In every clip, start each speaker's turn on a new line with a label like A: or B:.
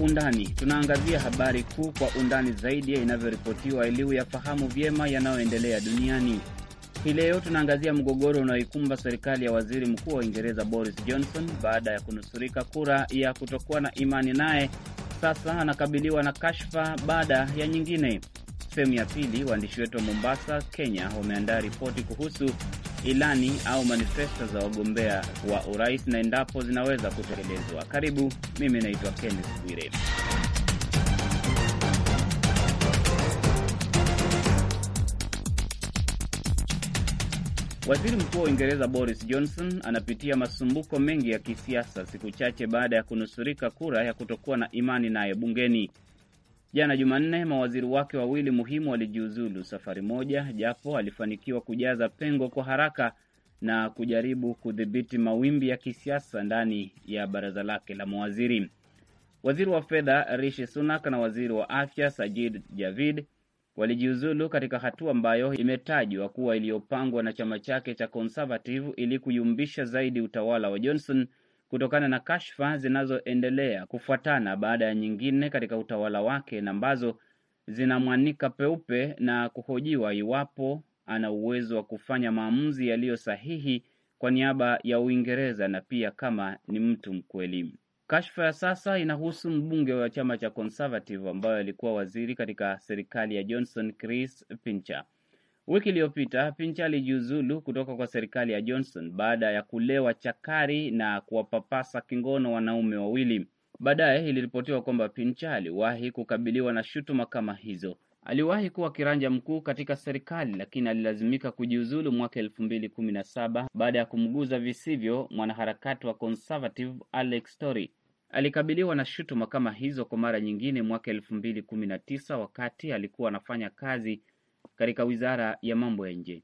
A: undani, tunaangazia habari kuu kwa undani zaidi ya inavyoripotiwa ili uyafahamu vyema yanayoendelea duniani. Hii leo tunaangazia mgogoro unaoikumba serikali ya waziri mkuu wa Uingereza Boris Johnson baada ya kunusurika kura ya kutokuwa na imani naye. Sasa anakabiliwa na kashfa baada ya nyingine. Sehemu ya pili, waandishi wetu wa Mombasa, Kenya, wameandaa ripoti kuhusu ilani au manifesto za wagombea wa urais na endapo zinaweza kutekelezwa. Karibu, mimi naitwa Kenneth Bwire. Waziri Mkuu wa Uingereza Boris Johnson anapitia masumbuko mengi ya kisiasa siku chache baada ya kunusurika kura ya kutokuwa na imani naye bungeni. Jana Jumanne, mawaziri wake wawili muhimu walijiuzulu safari moja, japo alifanikiwa kujaza pengo kwa haraka na kujaribu kudhibiti mawimbi ya kisiasa ndani ya baraza lake la mawaziri. Waziri wa fedha Rishi Sunak na waziri wa afya Sajid Javid walijiuzulu katika hatua ambayo imetajwa kuwa iliyopangwa na chama chake cha Conservative ili kuyumbisha zaidi utawala wa Johnson kutokana na kashfa zinazoendelea kufuatana baada ya nyingine katika utawala wake na ambazo zinamwanika peupe na kuhojiwa iwapo ana uwezo wa kufanya maamuzi yaliyo sahihi kwa niaba ya Uingereza na pia kama ni mtu mkweli. Kashfa ya sasa inahusu mbunge wa chama cha Conservative ambayo alikuwa waziri katika serikali ya Johnson, Chris Pincher. Wiki iliyopita Pincha alijiuzulu kutoka kwa serikali ya Johnson baada ya kulewa chakari na kuwapapasa kingono wanaume wawili. Baadaye iliripotiwa kwamba Pincha aliwahi kukabiliwa na shutuma kama hizo. Aliwahi kuwa kiranja mkuu katika serikali lakini alilazimika kujiuzulu mwaka elfu mbili kumi na saba baada ya kumguza visivyo mwanaharakati wa Conservative Alex Story. Alikabiliwa na shutuma kama hizo kwa mara nyingine mwaka elfu mbili kumi na tisa wakati alikuwa anafanya kazi katika Wizara ya Mambo ya Nje.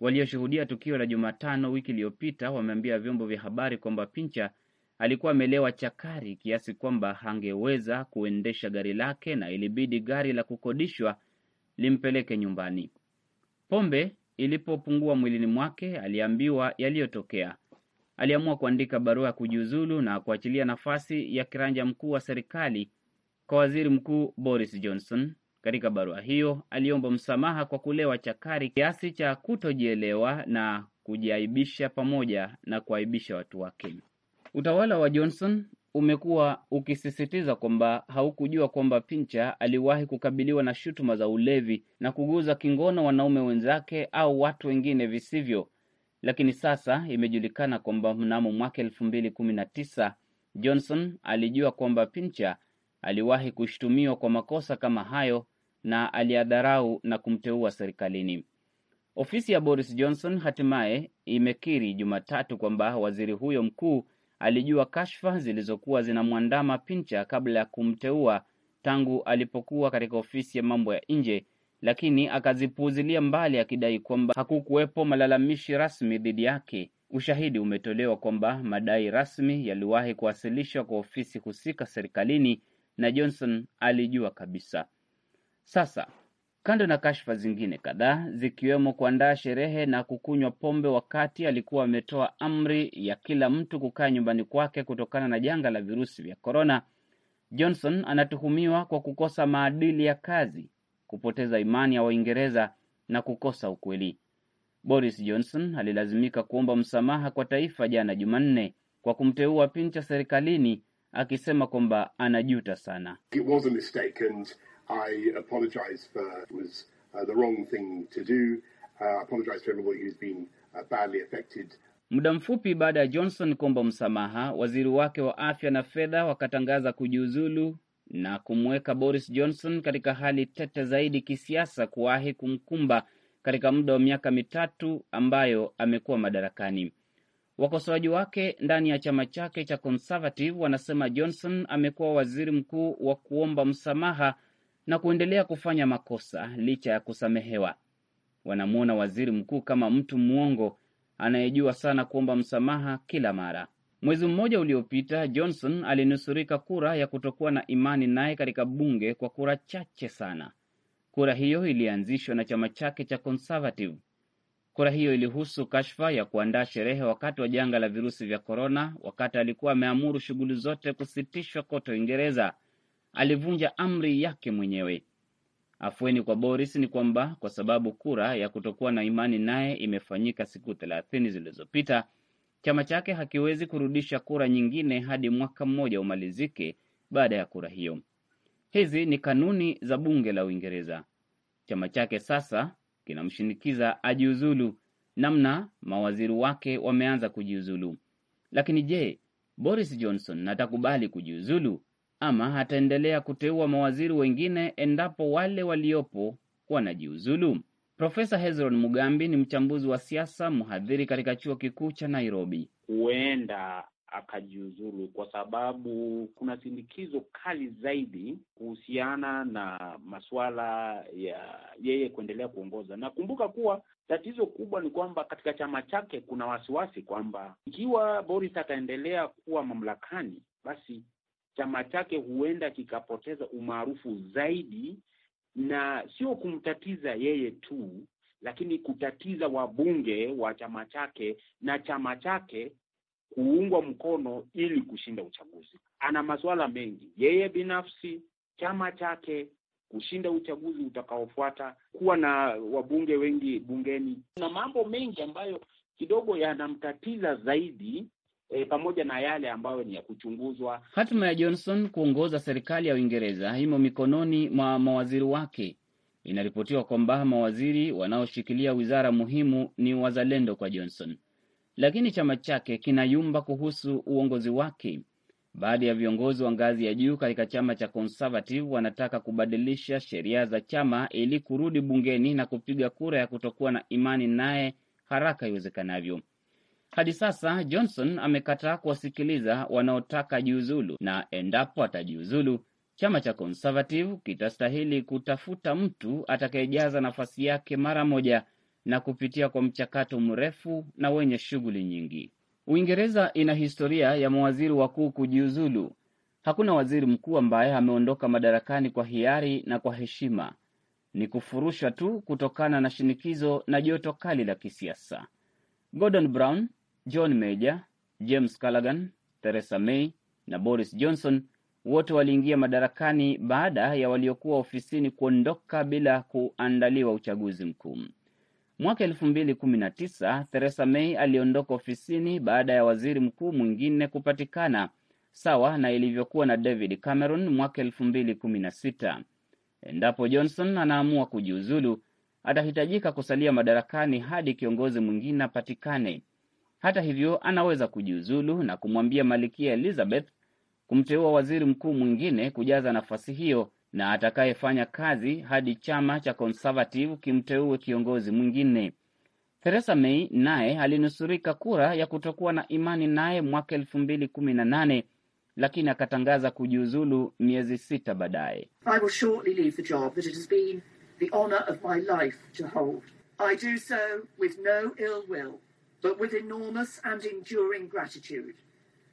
A: Walioshuhudia tukio la Jumatano wiki iliyopita wameambia vyombo vya habari kwamba Pincha alikuwa amelewa chakari kiasi kwamba hangeweza kuendesha gari lake na ilibidi gari la kukodishwa limpeleke nyumbani. Pombe ilipopungua mwilini mwake, aliambiwa yaliyotokea. Aliamua kuandika barua ya kujiuzulu na kuachilia nafasi ya kiranja mkuu wa serikali kwa Waziri Mkuu Boris Johnson katika barua hiyo aliomba msamaha kwa kulewa chakari kiasi cha kutojielewa na kujiaibisha pamoja na kuaibisha watu wake. Utawala wa Johnson umekuwa ukisisitiza kwamba haukujua kwamba Pincha aliwahi kukabiliwa na shutuma za ulevi na kuguza kingono wanaume wenzake au watu wengine visivyo, lakini sasa imejulikana kwamba mnamo mwaka elfu mbili kumi na tisa Johnson alijua kwamba Pincha aliwahi kushutumiwa kwa makosa kama hayo na aliadharau na kumteua serikalini. Ofisi ya Boris Johnson hatimaye imekiri Jumatatu kwamba waziri huyo mkuu alijua kashfa zilizokuwa zinamwandama Pincha kabla ya kumteua tangu alipokuwa katika ofisi ya mambo ya nje, lakini akazipuuzilia mbali akidai kwamba hakukuwepo malalamishi rasmi dhidi yake. Ushahidi umetolewa kwamba madai rasmi yaliwahi kuwasilishwa kwa ofisi husika serikalini na Johnson alijua kabisa. Sasa kando na kashfa zingine kadhaa zikiwemo kuandaa sherehe na kukunywa pombe wakati alikuwa ametoa amri ya kila mtu kukaa nyumbani kwake kutokana na janga la virusi vya korona, Johnson anatuhumiwa kwa kukosa maadili ya kazi, kupoteza imani ya Waingereza na kukosa ukweli. Boris Johnson alilazimika kuomba msamaha kwa taifa jana Jumanne kwa kumteua pincha serikalini akisema kwamba anajuta sana.
B: It was a mistake and... I apologise for it was uh, the wrong
C: thing to do. Uh, I apologise to everybody who's been uh, badly affected.
A: Muda mfupi baada ya Johnson kuomba msamaha, waziri wake wa afya na fedha wakatangaza kujiuzulu na kumweka Boris Johnson katika hali tete zaidi kisiasa kuwahi kumkumba katika muda wa miaka mitatu ambayo amekuwa madarakani. Wakosoaji wake ndani ya chama chake cha Conservative wanasema Johnson amekuwa waziri mkuu wa kuomba msamaha na kuendelea kufanya makosa licha ya kusamehewa. Wanamwona waziri mkuu kama mtu mwongo anayejua sana kuomba msamaha kila mara. Mwezi mmoja uliopita, Johnson alinusurika kura ya kutokuwa na imani naye katika bunge kwa kura chache sana. Kura hiyo ilianzishwa na chama chake cha Conservative. Kura hiyo ilihusu kashfa ya kuandaa sherehe wakati wa janga la virusi vya korona, wakati alikuwa ameamuru shughuli zote kusitishwa kote Uingereza alivunja amri yake mwenyewe. Afueni kwa Boris ni kwamba kwa sababu kura ya kutokuwa na imani naye imefanyika siku thelathini zilizopita, chama chake hakiwezi kurudisha kura nyingine hadi mwaka mmoja umalizike baada ya kura hiyo. Hizi ni kanuni za bunge la Uingereza. Chama chake sasa kinamshinikiza ajiuzulu, namna mawaziri wake wameanza kujiuzulu. Lakini je, Boris Johnson atakubali kujiuzulu? ama ataendelea kuteua mawaziri wengine endapo wale waliopo wanajiuzulu. Profesa Hezron Mugambi ni mchambuzi wa siasa, mhadhiri katika chuo kikuu cha Nairobi.
D: Huenda akajiuzulu kwa sababu kuna sindikizo kali zaidi kuhusiana na masuala ya yeye kuendelea kuongoza. nakumbuka kuwa tatizo kubwa ni kwamba katika chama chake kuna wasiwasi kwamba ikiwa Boris ataendelea kuwa mamlakani, basi chama chake huenda kikapoteza umaarufu zaidi, na sio kumtatiza yeye tu, lakini kutatiza wabunge wa chama chake na chama chake kuungwa mkono ili kushinda uchaguzi. Ana masuala mengi yeye binafsi, chama chake, kushinda uchaguzi utakaofuata, kuwa na wabunge wengi bungeni na mambo mengi ambayo kidogo yanamtatiza zaidi e, pamoja na yale ambayo ni ya kuchunguzwa.
A: Hatima ya Johnson kuongoza serikali ya Uingereza imo mikononi mwa mawaziri wake. Inaripotiwa kwamba mawaziri wanaoshikilia wizara muhimu ni wazalendo kwa Johnson, lakini chama chake kinayumba kuhusu uongozi wake. Baadhi ya viongozi wa ngazi ya juu katika chama cha Conservative wanataka kubadilisha sheria za chama ili kurudi bungeni na kupiga kura ya kutokuwa na imani naye haraka iwezekanavyo. Hadi sasa Johnson amekataa kuwasikiliza wanaotaka jiuzulu, na endapo atajiuzulu, chama cha Conservative kitastahili kutafuta mtu atakayejaza nafasi yake mara moja na kupitia kwa mchakato mrefu na wenye shughuli nyingi. Uingereza ina historia ya mawaziri wakuu kujiuzulu. Hakuna waziri mkuu ambaye ameondoka madarakani kwa hiari na kwa heshima. Ni kufurushwa tu kutokana na shinikizo na joto kali la kisiasa. Gordon Brown John Major, James Callaghan, Theresa May na Boris Johnson wote waliingia madarakani baada ya waliokuwa ofisini kuondoka bila kuandaliwa uchaguzi mkuu. Mwaka elfu mbili kumi na tisa Theresa May aliondoka ofisini baada ya waziri mkuu mwingine kupatikana, sawa na ilivyokuwa na David Cameron mwaka elfu mbili kumi na sita. Endapo Johnson anaamua kujiuzulu, atahitajika kusalia madarakani hadi kiongozi mwingine apatikane. Hata hivyo, anaweza kujiuzulu na kumwambia malikia Elizabeth kumteua waziri mkuu mwingine kujaza nafasi hiyo na atakayefanya kazi hadi chama cha Conservative kimteue kiongozi mwingine. Theresa May naye alinusurika kura ya kutokuwa na imani naye mwaka elfu mbili kumi na nane lakini akatangaza kujiuzulu miezi sita baadaye. so
B: no but with enormous and enduring gratitude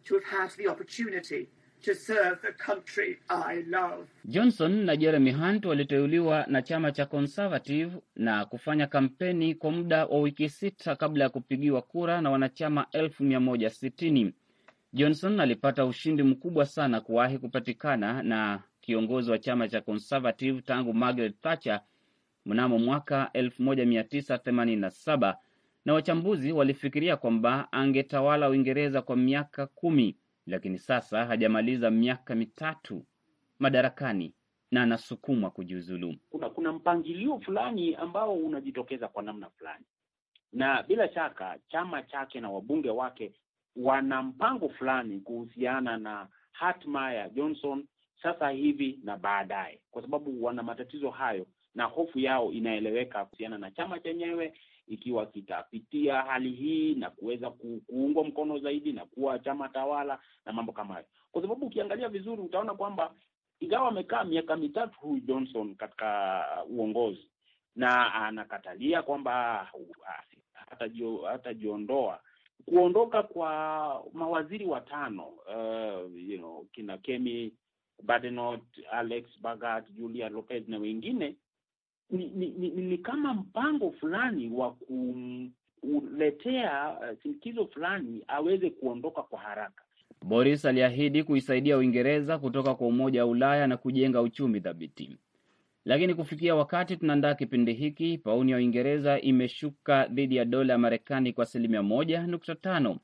B: to have had the opportunity to serve the country I
A: love. Johnson na Jeremy Hunt waliteuliwa na chama cha Conservative na kufanya kampeni kwa muda wa wiki sita kabla ya kupigiwa kura na wanachama elfu mia moja sitini. Johnson alipata ushindi mkubwa sana kuwahi kupatikana na kiongozi wa chama cha Conservative tangu Margaret Thatcher mnamo mwaka 1987 na wachambuzi walifikiria kwamba angetawala Uingereza kwa miaka kumi, lakini sasa hajamaliza miaka mitatu madarakani na anasukumwa kujiuzulu.
D: Kuna, kuna mpangilio fulani ambao unajitokeza kwa namna fulani, na bila shaka chama chake na wabunge wake wana mpango fulani kuhusiana na hatma ya Johnson sasa hivi na baadaye, kwa sababu wana matatizo hayo na hofu yao inaeleweka kuhusiana na chama chenyewe ikiwa kitapitia hali hii na kuweza kuungwa mkono zaidi na kuwa chama tawala na mambo kama hayo, kwa sababu ukiangalia vizuri utaona kwamba ingawa amekaa miaka mitatu huyu Johnson katika uh, uongozi na anakatalia kwamba hatajiondoa kuondoka kwa mawaziri watano uh, you know, kina Kemi Badenoch, Alex bagat Julia Lopez na wengine ni, ni, ni, ni kama mpango fulani wa kuletea eh, shinikizo fulani aweze kuondoka kwa haraka.
A: Boris aliahidi kuisaidia Uingereza kutoka kwa Umoja wa Ulaya na kujenga uchumi thabiti, lakini kufikia wakati tunaandaa kipindi hiki, pauni ya Uingereza imeshuka dhidi ya dola ya Marekani kwa asilimia moja nukta tano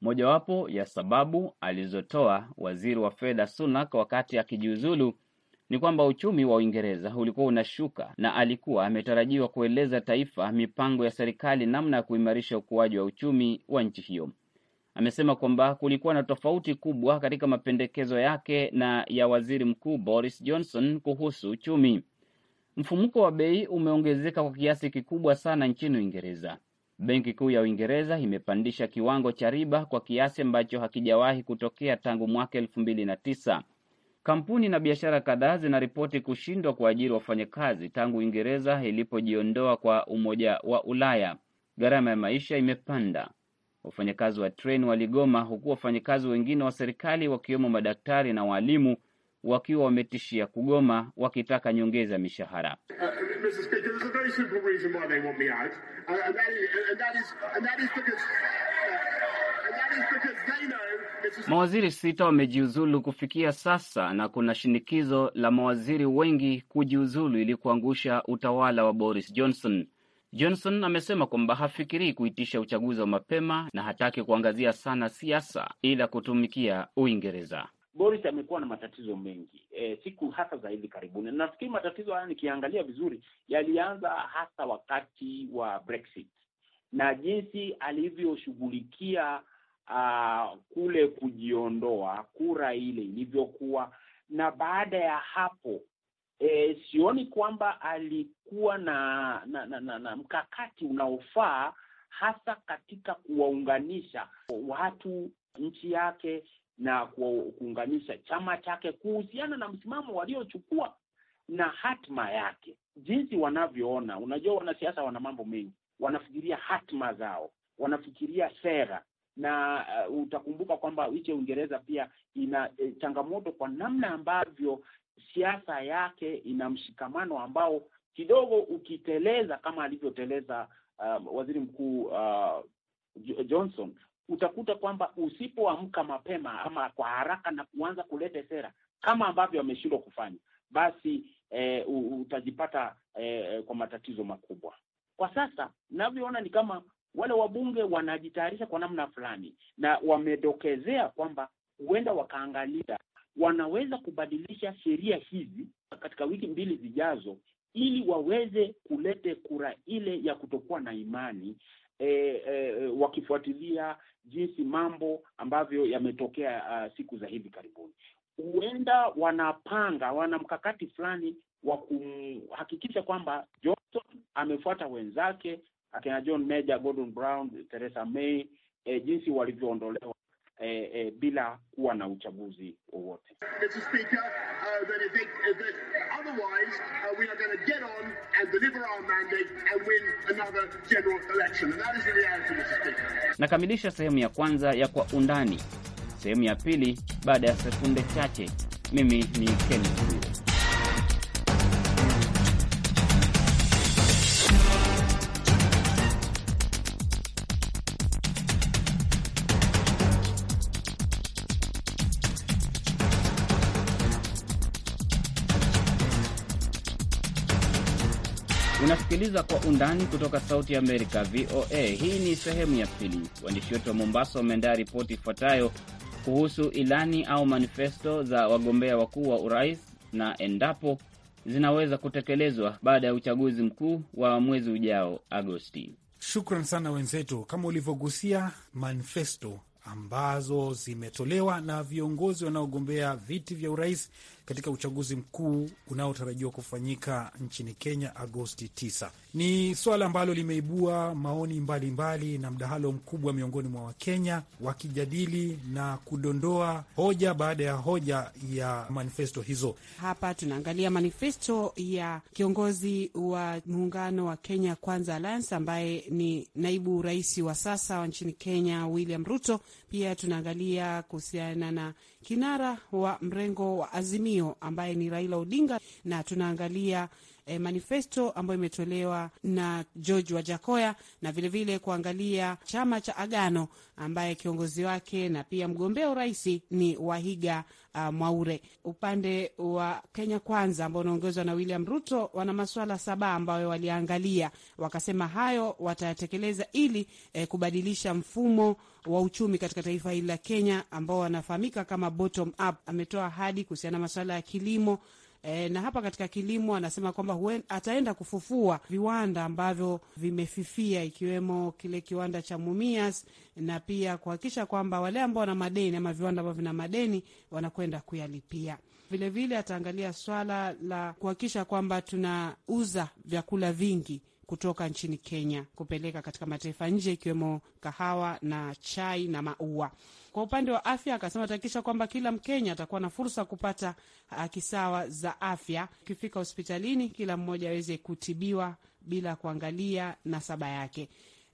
A: mojawapo ya sababu alizotoa waziri wa fedha Sunak wakati akijiuzulu ni kwamba uchumi wa Uingereza ulikuwa unashuka na alikuwa ametarajiwa kueleza taifa mipango ya serikali namna ya kuimarisha ukuaji wa uchumi wa nchi hiyo. Amesema kwamba kulikuwa na tofauti kubwa katika mapendekezo yake na ya Waziri Mkuu Boris Johnson kuhusu uchumi. Mfumuko wa bei umeongezeka kwa kiasi kikubwa sana nchini Uingereza. Benki Kuu ya Uingereza imepandisha kiwango cha riba kwa kiasi ambacho hakijawahi kutokea tangu mwaka elfu mbili na tisa. Kampuni na biashara kadhaa zinaripoti kushindwa kuajiri wafanyakazi tangu Uingereza ilipojiondoa kwa Umoja wa Ulaya. Gharama ya maisha imepanda. Wafanyakazi wa treni waligoma, huku wafanyakazi wengine wa serikali wakiwemo madaktari na waalimu wakiwa wametishia kugoma wakitaka nyongeza mishahara. Uh, Mawaziri sita wamejiuzulu kufikia sasa na kuna shinikizo la mawaziri wengi kujiuzulu ili kuangusha utawala wa Boris Johnson. Johnson amesema kwamba hafikirii kuitisha uchaguzi wa mapema na hataki kuangazia sana siasa ila kutumikia Uingereza.
D: Boris amekuwa na matatizo mengi e, siku hasa za hivi karibuni. Nafikiri matatizo haya nikiangalia vizuri, yalianza hasa wakati wa Brexit na jinsi alivyoshughulikia uh, kule kujiondoa kura ile ilivyokuwa, na baada ya hapo e, sioni kwamba alikuwa na na, na, na, na mkakati unaofaa hasa katika kuwaunganisha watu nchi yake na kuunganisha chama chake kuhusiana na msimamo waliochukua na hatma yake, jinsi wanavyoona. Unajua, wanasiasa wana mambo mengi, wanafikiria hatma zao, wanafikiria sera, na uh, utakumbuka kwamba nchi ya Uingereza pia ina e, changamoto kwa namna ambavyo siasa yake ina mshikamano ambao kidogo ukiteleza kama alivyoteleza uh, waziri mkuu uh, Johnson utakuta kwamba usipoamka mapema ama kwa haraka na kuanza kuleta sera kama ambavyo ameshindwa kufanya, basi e, utajipata e, kwa matatizo makubwa. Kwa sasa navyoona ni kama wale wabunge wanajitayarisha kwa namna fulani, na wamedokezea kwamba huenda wakaangalia wanaweza kubadilisha sheria hizi katika wiki mbili zijazo, ili waweze kulete kura ile ya kutokuwa na imani e, e, wakifuatilia jinsi mambo ambavyo yametokea uh, siku za hivi karibuni. Huenda wanapanga wana mkakati fulani wa kumhakikisha kwamba Johnson amefuata wenzake akina John Major, Gordon Brown, Theresa May eh, jinsi walivyoondolewa eh, eh, bila kuwa na uchaguzi wowote.
B: Uh, uh,
A: Nakamilisha sehemu ya kwanza ya Kwa Undani, sehemu ya pili baada ya sekunde chache. Mimi ni Ken. unasikiliza Kwa Undani kutoka Sauti ya Amerika, VOA. Hii ni sehemu ya pili. Waandishi wetu wa Mombasa wameandaa ripoti ifuatayo kuhusu ilani au manifesto za wagombea wakuu wa urais na endapo zinaweza kutekelezwa baada ya uchaguzi mkuu wa mwezi ujao Agosti.
C: Shukran sana wenzetu. Kama ulivyogusia manifesto ambazo zimetolewa na viongozi wanaogombea viti vya urais katika uchaguzi mkuu unaotarajiwa kufanyika nchini Kenya Agosti 9. Ni swala ambalo limeibua maoni mbalimbali mbali na mdahalo mkubwa miongoni mwa Wakenya wakijadili na kudondoa hoja baada ya hoja ya manifesto hizo.
E: Hapa tunaangalia manifesto ya kiongozi wa muungano wa Kenya Kwanza Alliance ambaye ni naibu rais wa sasa wa nchini Kenya William Ruto. Pia tunaangalia kuhusiana na kinara wa mrengo wa Azimio ambaye ni Raila Odinga, na tunaangalia eh, manifesto ambayo imetolewa na George Wajakoya na vilevile vile kuangalia chama cha Agano ambaye kiongozi wake na pia mgombea urais ni Wahiga uh, Mwaure. Upande wa Kenya Kwanza ambao unaongozwa na William Ruto wana maswala saba ambayo waliangalia, wakasema hayo watayatekeleza ili eh, kubadilisha mfumo wa uchumi katika taifa hili la Kenya ambao wanafahamika kama bottom up. Ametoa ahadi kuhusiana na masuala ya kilimo e, na hapa katika kilimo anasema kwamba ataenda kufufua viwanda ambavyo vimefifia ikiwemo kile kiwanda cha Mumias na pia kuhakikisha kwamba wale ambao wana madeni ama viwanda ambavyo vina madeni wanakwenda kuyalipia. Vilevile ataangalia swala la kuhakikisha kwamba tunauza vyakula vingi kutoka nchini Kenya kupeleka katika mataifa nje ikiwemo kahawa na chai na maua. Kwa upande wa afya, akasema atahakikisha kwamba kila Mkenya atakuwa na fursa ya kupata haki sawa za afya. Ukifika hospitalini, kila mmoja aweze kutibiwa bila kuangalia nasaba yake.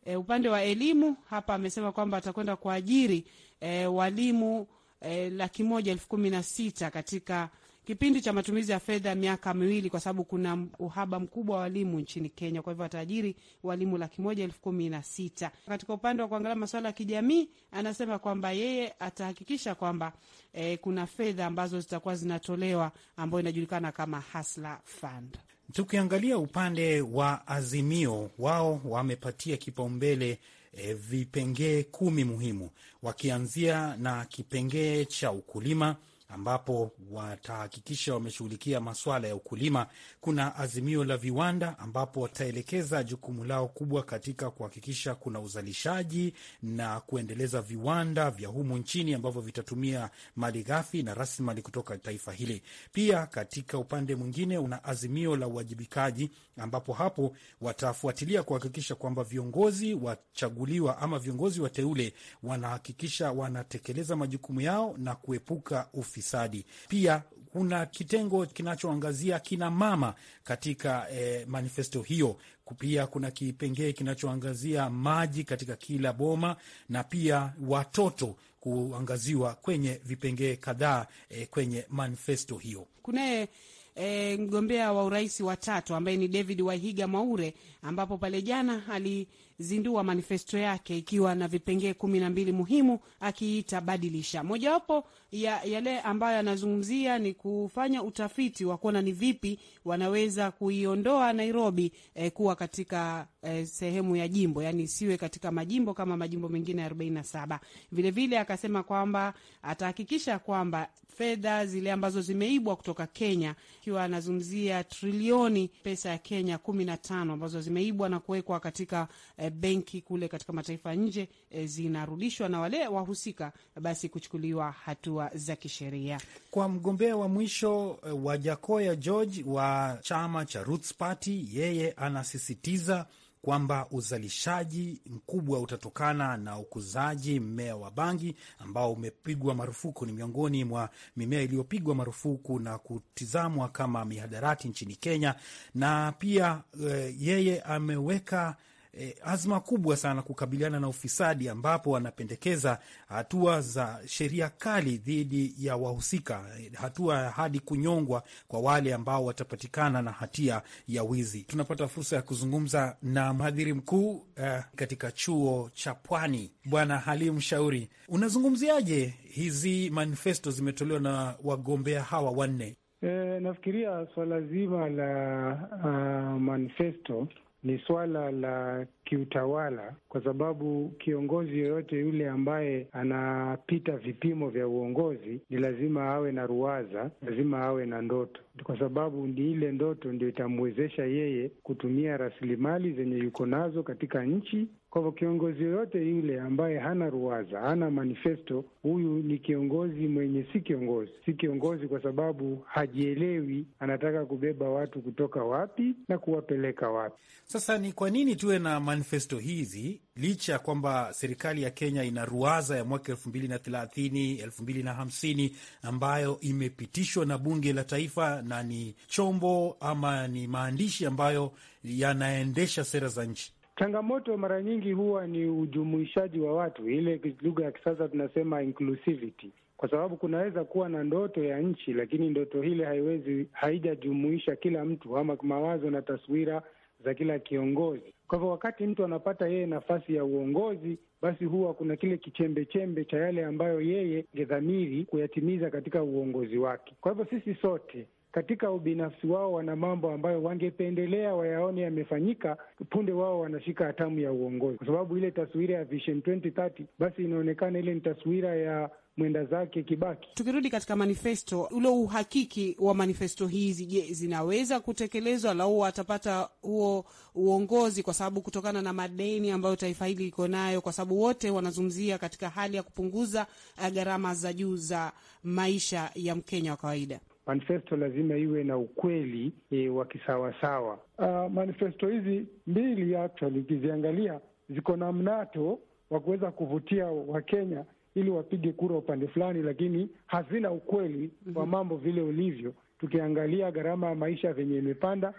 E: E, upande wa elimu hapa amesema kwamba atakwenda kuajiri e, walimu e, laki moja elfu kumi na sita katika kipindi cha matumizi ya fedha miaka miwili, kwa sababu kuna uhaba mkubwa wa walimu nchini Kenya. Kwa hivyo watajiri walimu laki moja elfu kumi na sita. Katika upande wa kuangalia masuala ya kijamii, anasema kwamba yeye atahakikisha kwamba e, kuna fedha ambazo zitakuwa zinatolewa ambayo inajulikana kama Hasla Fund.
C: Tukiangalia upande wa Azimio, wao wamepatia kipaumbele e, vipengee kumi muhimu, wakianzia na kipengee cha ukulima, ambapo watahakikisha wameshughulikia masuala ya ukulima. Kuna azimio la viwanda ambapo wataelekeza jukumu lao kubwa katika kuhakikisha kuna uzalishaji na kuendeleza viwanda vya humu nchini ambavyo vitatumia mali ghafi na rasilimali kutoka taifa hili. Pia katika upande mwingine, una azimio la uwajibikaji ambapo hapo watafuatilia kuhakikisha kwamba viongozi wachaguliwa ama viongozi wateule wanahakikisha wanatekeleza majukumu yao na kuepuka ufi ufisadi. Pia kuna kitengo kinachoangazia kina mama katika eh, manifesto hiyo. Pia kuna kipengee kinachoangazia maji katika kila boma na pia watoto kuangaziwa kwenye vipengee kadhaa eh, kwenye manifesto hiyo
E: kunaye e, mgombea wa urais wa tatu ambaye ni David wahiga Mwaure, ambapo pale jana alizindua manifesto yake ikiwa na vipengee kumi na mbili muhimu akiita badilisha. Mojawapo ya yale ambayo anazungumzia ni kufanya utafiti wa kuona ni vipi wanaweza kuiondoa Nairobi e, kuwa katika e, sehemu ya jimbo, yani isiwe katika majimbo kama majimbo mengine 47. Vilevile akasema kwamba atahakikisha kwamba fedha zile ambazo zimeibwa kutoka Kenya, ikiwa anazungumzia trilioni pesa ya Kenya kumi na tano ambazo zimeibwa na kuwekwa katika e, benki kule katika mataifa nje e, zinarudishwa na wale wahusika basi kuchukuliwa hatua za kisheria. Kwa mgombea wa mwisho eh, wa Jakoya
C: George wa chama cha Roots Party, yeye anasisitiza kwamba uzalishaji mkubwa utatokana na ukuzaji mmea wa bangi ambao umepigwa marufuku. Ni miongoni mwa mimea iliyopigwa marufuku na kutizamwa kama mihadarati nchini Kenya, na pia eh, yeye ameweka eh, azma kubwa sana kukabiliana na ufisadi, ambapo wanapendekeza hatua za sheria kali dhidi ya wahusika, e, hatua hadi kunyongwa kwa wale ambao watapatikana na hatia ya wizi. Tunapata fursa ya kuzungumza na mhadhiri mkuu eh, katika chuo cha Pwani, Bwana Halim Shauri. Unazungumziaje hizi manifesto zimetolewa na wagombea hawa wanne?
F: E, nafikiria swala zima la uh, manifesto ni swala la kiutawala, kwa sababu kiongozi yoyote yule ambaye anapita vipimo vya uongozi ni lazima awe na ruwaza, lazima awe na ndoto, kwa sababu ni ile ndoto ndio itamwezesha yeye kutumia rasilimali zenye yuko nazo katika nchi kwa hivyo kiongozi yoyote yule ambaye hana ruwaza, hana manifesto, huyu ni kiongozi mwenye si kiongozi, si kiongozi kwa sababu hajielewi anataka kubeba watu kutoka wapi na kuwapeleka wapi.
C: Sasa ni kwa nini tuwe na manifesto hizi licha ya kwamba serikali ya Kenya ina ruwaza ya mwaka elfu mbili na thelathini elfu mbili na hamsini ambayo imepitishwa na bunge la taifa na ni chombo ama ni maandishi ambayo yanaendesha sera za nchi.
F: Changamoto mara nyingi huwa ni ujumuishaji wa watu, ile lugha ya kisasa tunasema inclusivity, kwa sababu kunaweza kuwa na ndoto ya nchi, lakini ndoto ile haiwezi haijajumuisha kila mtu ama mawazo na taswira za kila kiongozi. Kwa hivyo wakati mtu anapata yeye nafasi ya uongozi, basi huwa kuna kile kichembechembe cha yale ambayo yeye ngedhamiri kuyatimiza katika uongozi wake. Kwa hivyo sisi sote katika ubinafsi wao wana mambo ambayo wangependelea wayaone yamefanyika punde wao wanashika hatamu ya uongozi, kwa sababu ile taswira ya Vision 2030 basi inaonekana ile ni taswira ya mwenda zake Kibaki.
E: Tukirudi katika manifesto, ule uhakiki wa manifesto hizi, je, zinaweza kutekelezwa lau watapata huo uongozi? Kwa sababu kutokana na madeni ambayo taifa hili liko nayo, kwa sababu wote wanazungumzia katika hali ya kupunguza eh, gharama za juu za maisha ya Mkenya wa kawaida
F: manifesto lazima iwe na ukweli e, wa kisawasawa. Uh, manifesto hizi mbili actually ukiziangalia ziko na mnato wa kuweza kuvutia Wakenya ili wapige kura upande fulani, lakini hazina ukweli mm -hmm. wa mambo vile ulivyo. Tukiangalia gharama ya maisha venye imepanda,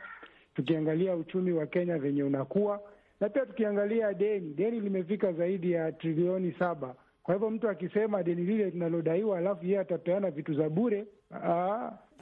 F: tukiangalia uchumi wa Kenya venye unakuwa, na pia tukiangalia deni, deni limefika zaidi ya trilioni saba kwa hivyo mtu akisema deni lile linalodaiwa, alafu yeye atapeana vitu za bure,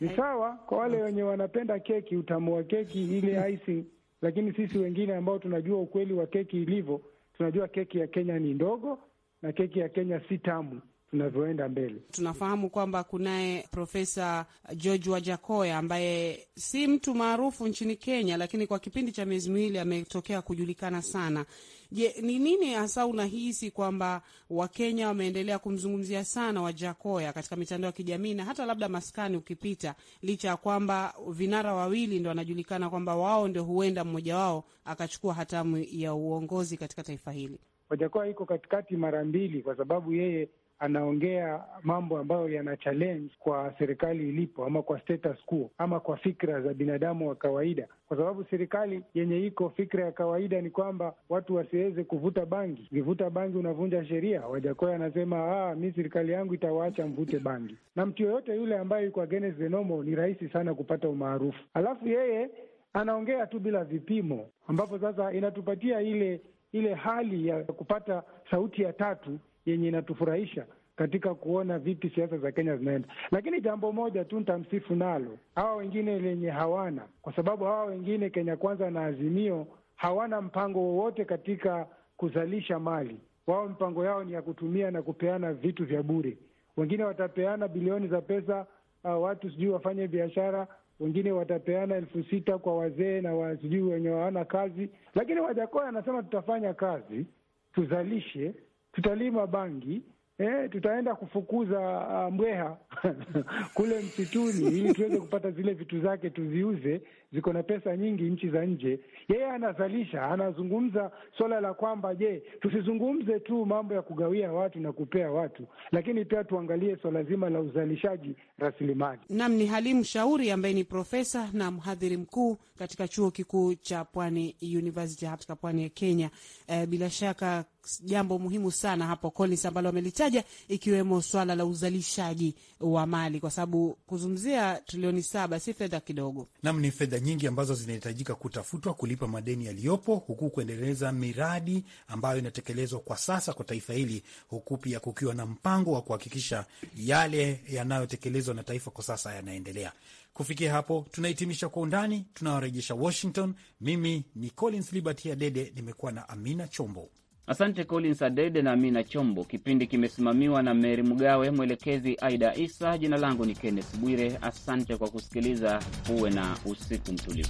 F: ni sawa kwa wale wenye wanapenda keki, utamu wa keki ile icing, lakini sisi wengine ambao tunajua ukweli wa keki ilivyo, tunajua keki ya Kenya ni ndogo na keki ya Kenya si tamu tunavyoenda mbele.
E: Tunafahamu kwamba kunaye Profesa George Wajakoya ambaye si mtu maarufu nchini Kenya, lakini kwa kipindi cha miezi miwili ametokea kujulikana sana. Je, ni nini hasa unahisi kwamba Wakenya wameendelea kumzungumzia sana Wajakoya katika mitandao ya kijamii na hata labda maskani ukipita, licha ya kwamba vinara wawili ndo wanajulikana kwamba wao ndio huenda mmoja wao akachukua hatamu ya uongozi katika taifa hili?
F: Wajakoya iko katikati mara mbili, kwa sababu yeye anaongea mambo ambayo yana challenge kwa serikali ilipo ama kwa status quo ama kwa fikra za binadamu wa kawaida, kwa sababu serikali yenye iko fikra ya kawaida ni kwamba watu wasiweze kuvuta bangi. Ukivuta bangi unavunja sheria. Wajakoya anasema ah, mi serikali yangu itawaacha mvute bangi, na mtu yoyote yule ambaye yuko against the normal ni rahisi sana kupata umaarufu. Alafu yeye anaongea tu bila vipimo, ambapo sasa inatupatia ile ile hali ya kupata sauti ya tatu yenye inatufurahisha katika kuona vipi siasa za Kenya zinaenda, lakini jambo moja tu nitamsifu nalo hawa wengine lenye hawana, kwa sababu hawa wengine Kenya Kwanza na Azimio hawana mpango wowote katika kuzalisha mali. Wao mpango yao ni ya kutumia na kupeana vitu vya bure. Wengine watapeana bilioni za pesa uh, watu sijui wafanye biashara, wengine watapeana elfu sita kwa wazee na sijui wenye hawana kazi, lakini Wajakoya anasema tutafanya kazi, tuzalishe tutalima bangi eh, tutaenda kufukuza uh, mbweha kule msituni ili tuweze kupata zile vitu zake tuziuze ziko na pesa nyingi nchi za nje. Yeye anazalisha, anazungumza swala la kwamba je, tusizungumze tu mambo ya kugawia watu na kupea watu, lakini pia tuangalie swala zima la uzalishaji rasilimali.
E: Nam ni Halimu Shauri ambaye ni profesa na mhadhiri mkuu katika chuo kikuu cha Pwani University katika pwani ya Kenya. E, bila shaka jambo muhimu sana hapo Collins ambalo amelitaja ikiwemo swala la uzalishaji wa mali, kwa sababu kuzungumzia trilioni saba si fedha kidogo.
C: Nam ni fedha nyingi ambazo zinahitajika kutafutwa kulipa madeni yaliyopo, huku kuendeleza miradi ambayo inatekelezwa kwa sasa kwa taifa hili, huku pia kukiwa na mpango wa kuhakikisha yale yanayotekelezwa na taifa kwa sasa yanaendelea. Kufikia hapo, tunahitimisha Kwa Undani. Tunawarejesha Washington. Mimi ni Collins Liberty Adede, nimekuwa na Amina Chombo.
A: Asante Collins Adede na Amina Chombo. Kipindi kimesimamiwa na Meri Mgawe, mwelekezi Aida Isa. Jina langu ni Kenneth Bwire. Asante kwa kusikiliza, uwe na usiku mtulivu.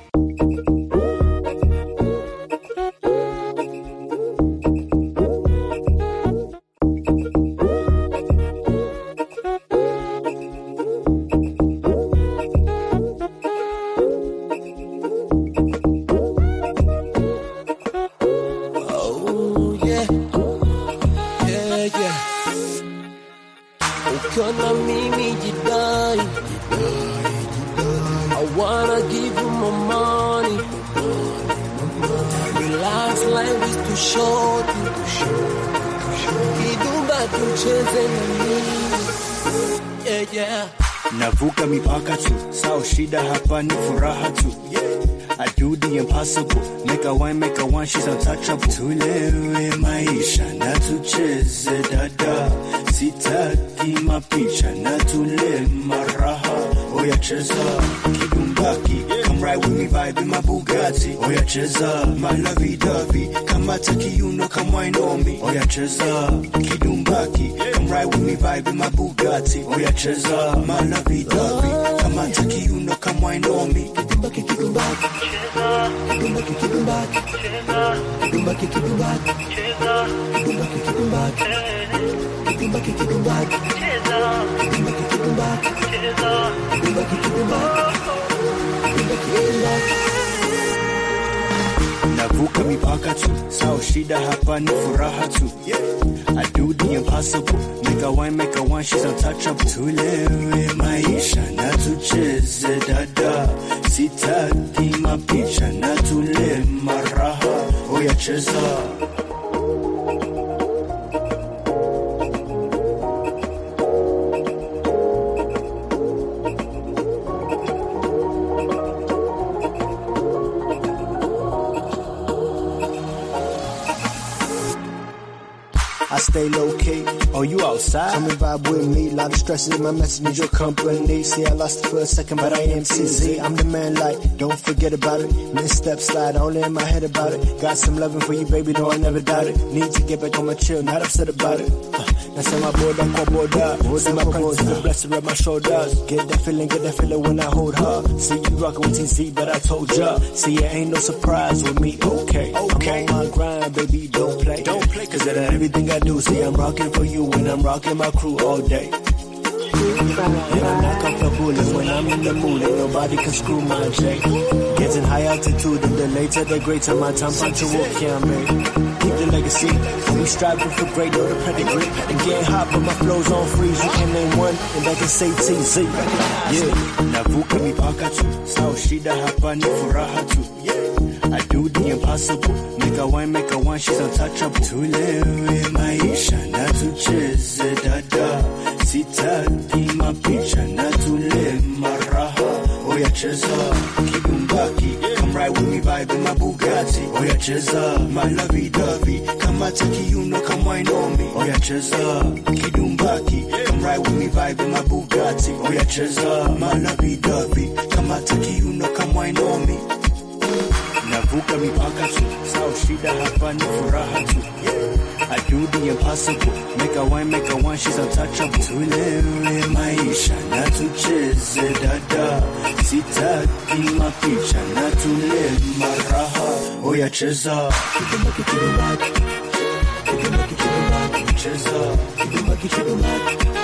B: Bwana mimi jidai, I wanna give you my money. Relax, life is too short.
E: Kidumba tucheze na mimi. Yeah, yeah.
B: Navuka mipaka tu, sao shida hapa ni furaha tu. Yeah. I do the impossible. Make a wine, make a wine, she's untouchable. Tulewe maisha na tucheze dada, sitaki mapicha na tule maraha oh yeah, cheers up. Keep them bucky, come ride with me, vibe in my Bugatti, oh yeah, cheers My lovey dovey, come ataki, you know, come wine on me, oh yeah, cheers up. Keep them bucky, come ride with me, vibe in my Bugatti, oh yeah, cheers My lovey dovey, come ataki, you know, come wine on me. Keep them bucky, keep them bucky, cheers up. Keep them bucky, keep them bucky, cheers up. Keep them bucky, keep Navuka mipaka tu, sao shida hapa ni furaha tu. I do the impossible, make a wine, make a wine, she's untouchable. Tulewe maisha na tucheze dada, sitaki mapicha na tule maraha, oya cheza stay low key. Oh, you outside? Come and vibe with me. Lot of stresses my message needs your company. See, I lost it for a second, but I am CZ. I'm the man, like, don't forget about it. Misstep slide, only in my head about it. Got some loving for you, baby, though I never doubt it. Need to get back on my chill, not upset about it. Uh, nasema boda boy, boda, see my crown is the blessing of my shoulders. Get that feeling, get that feeling when I hold her. See you rockin' with TZ, but I told ya. See, it ain't no surprise with me. Okay, okay. I'm on my grind, baby, don't play. Don't play, cause that everything I do. See, I'm rockin' for you when I'm rocking my crew all day. And I'm not comfortable when I'm in the mood and nobody can screw my J. Getting high altitude and the later the greater my time punctual can be. Keep the legacy, we striving for great or the pedigree. And getting hot but my flow's on freeze. You can name one and I can say TZ. Yeah, navuka mipaka tu, sao shida hapa ni furaha tu. Yeah. I do the impossible. Make a wine, make a wine, she's untouchable. Tulewe maisha na tucheze dada, sitaki Not na tule maraha. keep him kidumbaki, come right with me, vibe in my Bugatti. Oya cheza my lovey dovey, kama taki you know, come wine on me. Oh keep him kidumbaki, come right with me, vibe in my Bugatti. Oya cheza my lovey dovey, kama taki you know, come wine on me navuka mipaka tu, sao shida hapa ni furaha tu. I do the impossible, make a wine, make a wine, she's untouchable. Tulele maisha na tucheze dada, sitaki mapicha na tule maraha, oya cheza it kidumba kidumba kidumba cheza kidumba kidumba kidumba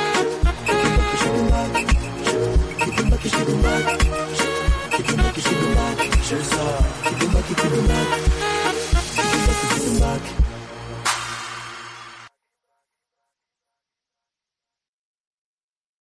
B: kidumba kidumba kidumba back.